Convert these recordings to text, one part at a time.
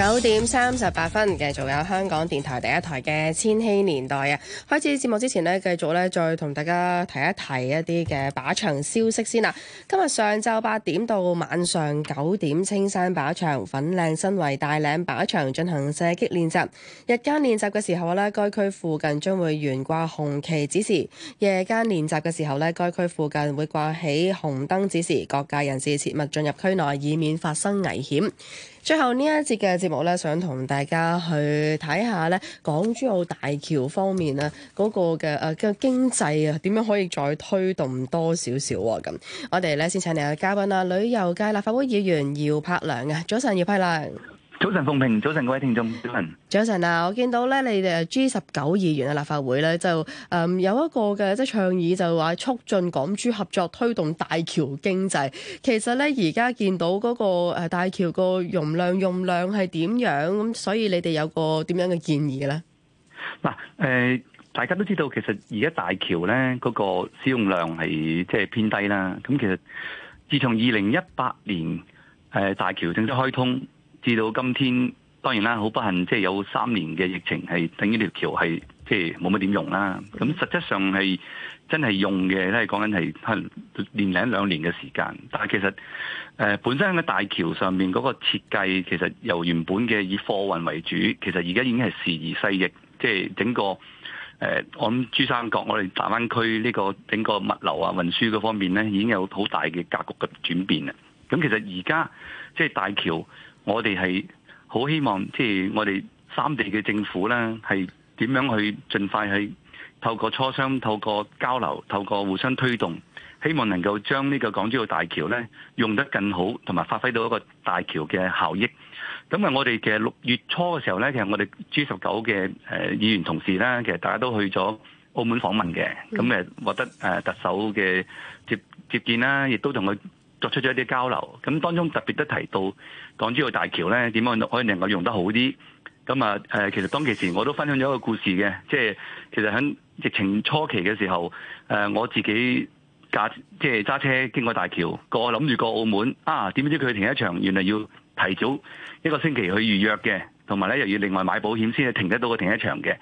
九點三十八分，繼續有香港電台第一台嘅《千禧年代》啊！開始節目之前呢繼續咧再同大家提一提一啲嘅靶場消息先啦。今日上晝八點到晚上九點，青山靶場、粉嶺新圍大嶺靶場進行射擊練習。日間練習嘅時候呢，該區附近將會懸掛紅旗指示；夜間練習嘅時候呢，該區附近會掛起紅燈指示，各界人士切勿進入區內，以免發生危險。最後呢一節嘅節目咧，想同大家去睇下咧港珠澳大橋方面啊嗰個嘅誒嘅經濟啊點樣可以再推動多少少喎咁，我哋咧先請嚟嘅嘉賓啦，旅遊界立法會議員姚柏良啊早晨，姚柏良。早晨，奉平，早晨各位聽眾。早晨，早晨啊！我見到咧，你哋 G 十九議員喺立法會咧，就誒有一個嘅即係倡議，就話促進港珠合作，推動大橋經濟。其實咧，而家見到嗰個誒大橋個容量用量係點樣？咁所以你哋有個點樣嘅建議咧？嗱，誒，大家都知道，其實而家大橋咧嗰個使用量係即係偏低啦。咁其實自從二零一八年誒大橋正式開通。至到今天，當然啦，好不幸，即係有三年嘅疫情係，等呢條橋係即係冇乜點用啦。咁實質上係真係用嘅，都係講緊係年零兩,兩年嘅時間。但係其實誒本身喺大橋上面嗰個設計，其實由原本嘅以貨運為主，其實而家已經係時移勢易，即係整個誒我諗珠三角、我哋大灣區呢個整個物流啊、運輸嗰方面咧，已經有好大嘅格局嘅轉變啦。咁其實而家即係大橋。我哋係好希望，即係我哋三地嘅政府咧，係點樣去盡快去透過磋商、透過交流、透過互相推動，希望能夠將呢個港珠澳大橋咧用得更好，同埋發揮到一個大橋嘅效益。咁啊，我哋嘅六月初嘅時候咧，其實我哋 G 十九嘅誒議員同事啦，其實大家都去咗澳門訪問嘅，咁誒獲得誒特首嘅接接見啦，亦都同佢。作出咗一啲交流，咁當中特別都提到港珠澳大橋咧點樣可以能夠用得好啲，咁啊誒，其實當其時我都分享咗一個故事嘅，即係其實喺疫情初期嘅時候，誒、呃、我自己駕即係揸車經過大橋，個諗住過澳門啊，點知佢停車場，原來要提早一個星期去預約嘅，同埋咧又要另外買保險先至停得到個停車場嘅。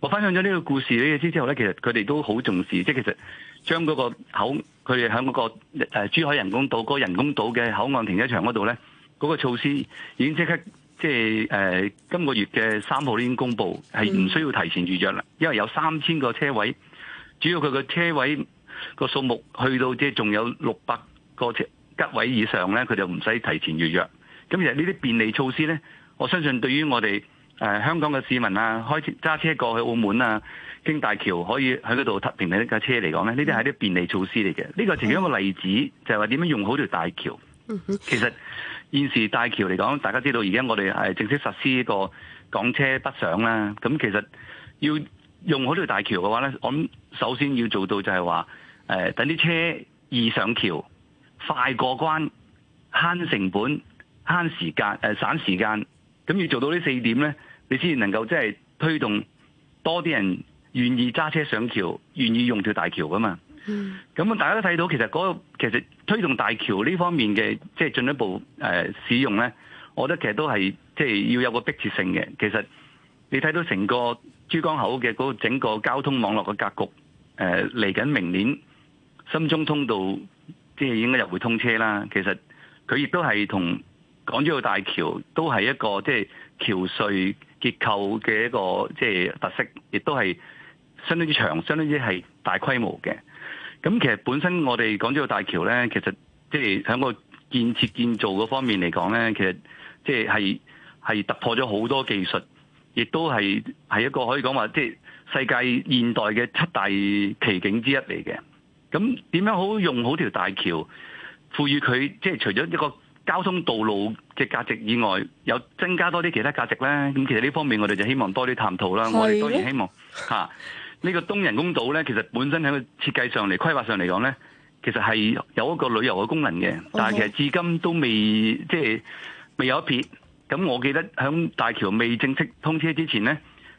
我分享咗呢個故事俾佢知之後咧，其實佢哋都好重視，即係其實將嗰個口。佢哋喺嗰個珠海人工島嗰個人工島嘅口岸停車場嗰度咧，嗰、嗰個措施已經即刻即係誒今個月嘅三號已經公布，係唔需要提前預約啦。因為有三千個車位，主要佢個車位個數目去到即係仲有六百個吉位以上咧，佢就唔使提前預約。咁其實呢啲便利措施咧，我相信對於我哋。誒、呃、香港嘅市民啊，開車揸車過去澳門啊，經大橋可以喺嗰度停停呢架車嚟講咧，呢啲係啲便利措施嚟嘅。呢、呢個其中一個例子，就係話點樣用好條大橋。其實現時大橋嚟講，大家知道而家我哋正式實施呢個港車北上啦。咁其實要用好條大橋嘅話咧，我諗首先要做到就係話誒等啲車易上橋、快過關、慳成本、慳時間、誒省時間。咁、呃、要做到呢四點咧。你先能夠即係推動多啲人願意揸車上橋，願意用條大橋㗎嘛？咁大家都睇到其實嗰、那個其實推動大橋呢方面嘅即係進一步誒、呃、使用咧，我覺得其實都係即係要有個迫切性嘅。其實你睇到成個珠江口嘅嗰個整個交通網絡嘅格局，誒嚟緊明年深中通道即係、就是、應該入會通車啦。其實佢亦都係同港珠澳大橋都係一個即係橋隧。結構嘅一個即係特色，亦都係相當之長，相當之係大規模嘅。咁其實本身我哋港珠澳大橋咧，其實即係喺個建設建造嗰方面嚟講咧，其實即係係係突破咗好多技術，亦都係係一個可以講話即係世界現代嘅七大奇景之一嚟嘅。咁點樣好用好條大橋，賦予佢即係除咗一個交通道路嘅價值以外，有增加多啲其他價值呢。咁、嗯、其實呢方面，我哋就希望多啲探討啦。的我哋當然希望嚇呢、啊這個東人工島呢，其實本身喺個設計上嚟、規劃上嚟講呢，其實係有一個旅遊嘅功能嘅。Okay. 但係其實至今都未即係未有一撇。咁我記得響大橋未正式通車之前呢，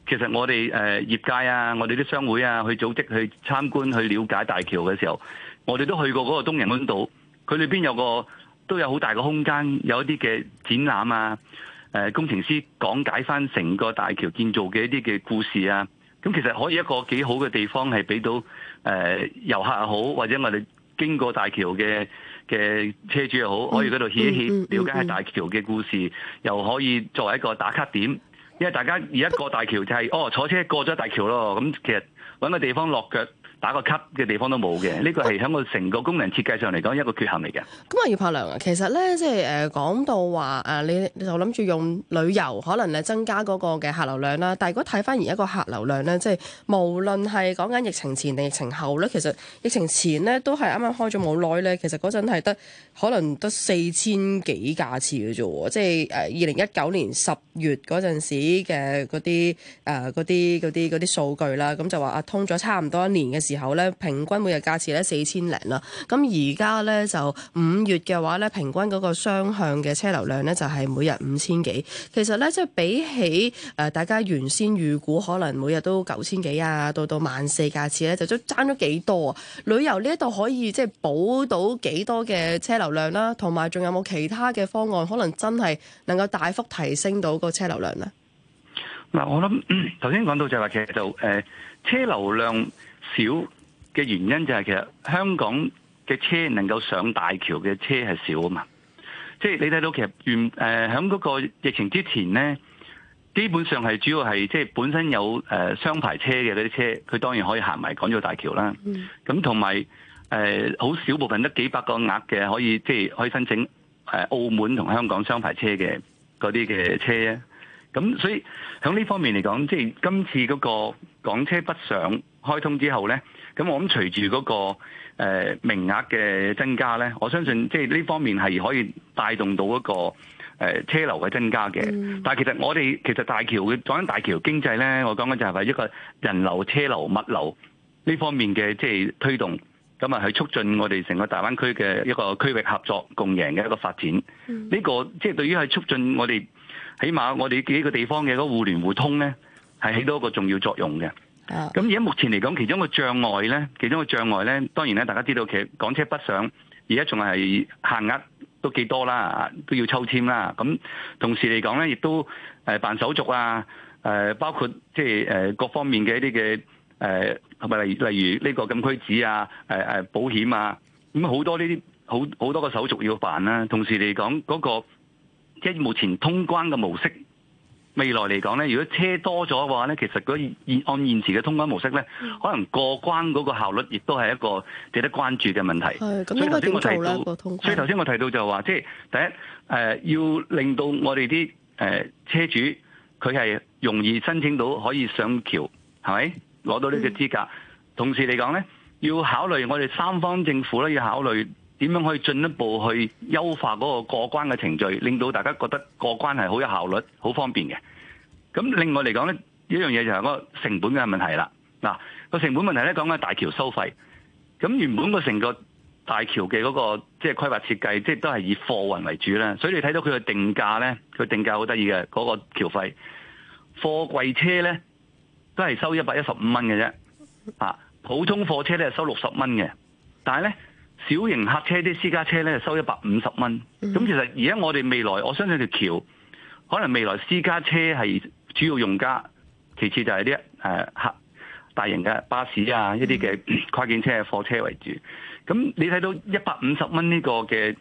其實我哋誒、呃、業界啊，我哋啲商會啊，去組織去參觀去了解大橋嘅時候，我哋都去過嗰個東人工島，佢裏邊有個。都有好大嘅空間，有一啲嘅展覽啊，誒、呃、工程師講解翻成個大橋建造嘅一啲嘅故事啊，咁其實可以一個幾好嘅地方係俾到誒、呃、遊客又好，或者我哋經過大橋嘅嘅車主又好，可以喺度歇一歇，瞭解下大橋嘅故事，嗯嗯嗯嗯、又可以作為一個打卡點，因為大家而家過大橋就係、是、哦坐車過咗大橋咯，咁其實揾個地方落腳。打個卡嘅地方都冇嘅，呢個係喺我成個功能設計上嚟講一個缺陷嚟嘅。咁啊，姚柏良啊，其實咧即係誒、呃、講到話啊，你就諗住用旅遊可能咧增加嗰個嘅客流量啦。但係如果睇翻而一個客流量咧，即係無論係講緊疫情前定疫情後咧，其實疫情前咧都係啱啱開咗冇耐咧，其實嗰陣係得可能得四千幾架次嘅啫。即係誒二零一九年十月嗰陣時嘅嗰啲誒嗰啲嗰啲嗰啲數據啦，咁就話啊通咗差唔多一年嘅時候咧，平均每日架次咧四千零啦。咁而家咧就五月嘅話咧，平均嗰個雙向嘅車流量咧就係每日五千幾。其實咧即係比起誒大家原先預估可能每日都九千幾啊，到到萬四架次咧，就都爭咗幾多啊。旅遊呢一度可以即係補到幾多嘅車流量啦，同埋仲有冇其他嘅方案，可能真係能夠大幅提升到個車流量呢？嗱，我諗頭先講到就係話，其實就誒、是、車流量。少嘅原因就係其實香港嘅車能夠上大橋嘅車係少啊嘛，即係你睇到其實原誒響嗰個疫情之前咧，基本上係主要係即係本身有誒雙牌車嘅啲車，佢當然可以行埋港珠澳大橋啦。咁同埋誒好少部分得幾百個額嘅可以即係可以申請誒澳門同香港雙牌車嘅嗰啲嘅車啊。咁所以響呢方面嚟講，即係今次嗰個。港車北上開通之後呢，咁我諗隨住嗰、個、呃、名額嘅增加呢，我相信即係呢方面係可以帶動到嗰個誒、呃、車流嘅增加嘅。嗯、但係其實我哋其實大橋嘅講緊大橋經濟呢，我講緊就係話一個人流、車流、物流呢方面嘅即係推動，咁啊去促進我哋成個大灣區嘅一個區域合作共贏嘅一個發展。呢、嗯這個即係對於去促進我哋起碼我哋幾個地方嘅個互聯互通呢。係起到一個重要作用嘅。咁而家目前嚟講其，其中個障礙咧，其中個障礙咧，當然咧，大家知道其實港車北上而家仲係限額都幾多啦，都要抽籤啦。咁同時嚟講咧，亦都誒辦手續啊，誒包括即係誒各方面嘅一啲嘅誒，係咪例例如呢個禁區紙啊，誒保險啊，咁好多呢啲好好多個手續要辦啦。同時嚟講嗰個即係目前通關嘅模式。未來嚟講咧，如果車多咗嘅話咧，其實嗰按現時嘅通關模式咧，可能過關嗰個效率亦都係一個值得關注嘅問題。係，咁應該點做咧？所以頭先我，我提到就話，即係第一、呃、要令到我哋啲誒車主佢係容易申請到可以上橋，係咪攞到呢個資格？嗯、同時嚟講咧，要考慮我哋三方政府咧要考慮。點樣可以進一步去優化嗰個過關嘅程序，令到大家覺得過關係好有效率、好方便嘅。咁另外嚟講呢一樣嘢就係個成本嘅問題啦。嗱、那，個成本問題呢講緊大橋收費。咁原本那個成個大橋嘅嗰個即係規劃設計，即、就、係、是就是，都係以貨運為主啦。所以你睇到佢嘅定價呢，佢定價好得意嘅，嗰個橋費。貨櫃車呢都係收一百一十五蚊嘅啫，普通貨車呢咧收六十蚊嘅，但係咧。小型客車啲私家車咧收一百五十蚊，咁其實而家我哋未來我相信條橋，可能未來私家車係主要用家，其次就係啲誒客大型嘅巴士啊，一啲嘅、呃、跨境車、貨車為主。咁你睇到一百五十蚊呢個嘅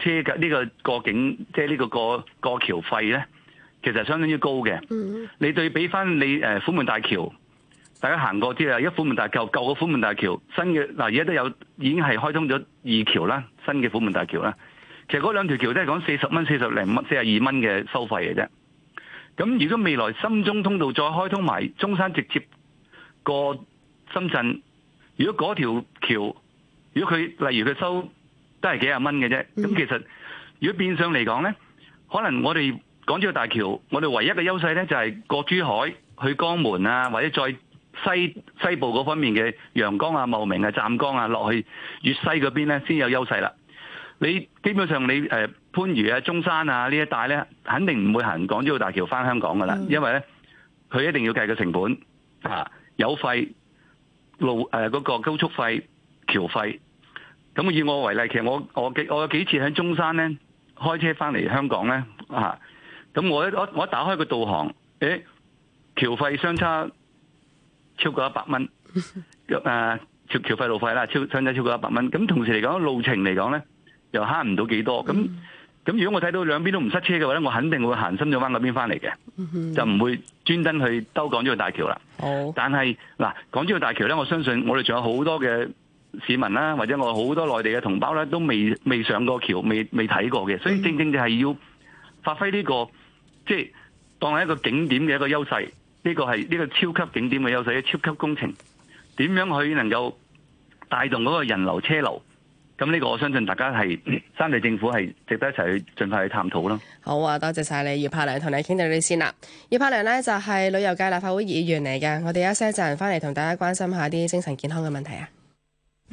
車嘅呢、呢個過境，即係呢個過過橋費咧，其實相當於高嘅。你對比翻你誒、呃、虎門大橋。大家行過啲啊！而家虎門大橋，舊嘅虎門大橋，新嘅嗱而家都有已經係開通咗二橋啦，新嘅虎門大橋啦。其實嗰兩條橋都係講四十蚊、四十零蚊、四十二蚊嘅收費嘅啫。咁如果未來深中通道再開通埋中山直接過深圳，如果嗰條橋，如果佢例如佢收都係幾十蚊嘅啫。咁其實如果變相嚟講咧，可能我哋港珠澳大橋我哋唯一嘅優勢咧就係過珠海去江門啊，或者再。西西部嗰方面嘅陽江啊、茂名啊、湛江啊，落去粵西嗰邊咧，先有優勢啦。你基本上你誒番禺啊、中山啊呢一帶咧，肯定唔會行港珠澳大橋翻香港噶啦，嗯、因為咧佢一定要計個成本嚇，油、啊、費路誒嗰、呃那個高速費、橋費。咁以我為例，其實我我幾我有幾次喺中山咧開車翻嚟香港咧嚇，咁、啊、我一我一打開一個導航，誒、欸、橋費相差。超過一百蚊，誒、呃，橋橋費路費啦，超相差超過一百蚊。咁同時嚟講，路程嚟講咧，又慳唔到幾多。咁咁、嗯、如果我睇到兩邊都唔塞車嘅話咧，我肯定會行深圳灣嗰邊翻嚟嘅，嗯、就唔會專登去兜港珠澳大橋啦。哦、但係嗱、啊，港珠澳大橋咧，我相信我哋仲有好多嘅市民啦、啊，或者我好多內地嘅同胞咧、啊，都未未上過橋，未未睇過嘅，所以正正就係要發揮呢、這個即係當係一個景點嘅一個優勢。呢個係呢個超級景點嘅優勢，超級工程點樣去能夠帶動嗰個人流車流？咁呢個我相信大家係三地政府係值得一齊去盡快去探討咯。好啊，多謝晒你，姚柏良同你傾到呢啲先啦。姚柏良呢就係旅遊界立法會議員嚟嘅。我哋一些陣翻嚟同大家關心下啲精神健康嘅問題啊。